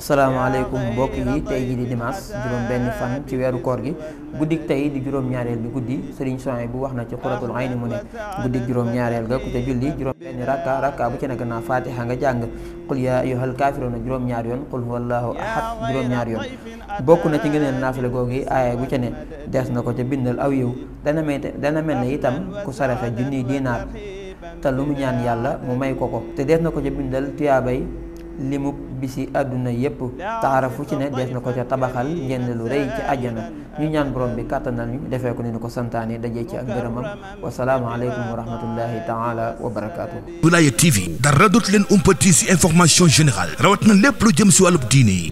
asalaamaaleykum mbokk yi tey jii di dimanche juróom benn fan ci weeru koor gi guddik tey di juróom ñaareel bi guddi sëriñ yi bu wax na ci xuratul ni mu ne guddik juróom ñaareel ga ku ca julli juróom benn rakka rakka bu ci nekk naa fatiha nga jàng qul yaa ayyuhal kaafiruuna juróom ñaar yoon qul huwallaahu ahad juróom ñaar yoon bokk na ci ngëneel naafile googu aaya bu ca ne des na ko ca bindal aw yiw dana mel dana itam ku saraxe junniy dinaar te lu mu ñaan yàlla mu may ko ko te des na ko ca bindal tuyaabay bi bisi àdduna yépp taara fu ci ne dees na ko ca tabaxal ngeen lu rëy ci àjjana ñu ñaan borom bi kàttanal ñu defee ko ni ñu ko santaani dajee ci ak ngërëmam wasalaamu aleykum wa rahmatullahi taala wa barakaatu. Wilaya TV dara dootu leen umpati si information générale rawat na lépp lu jëm si wàllub diine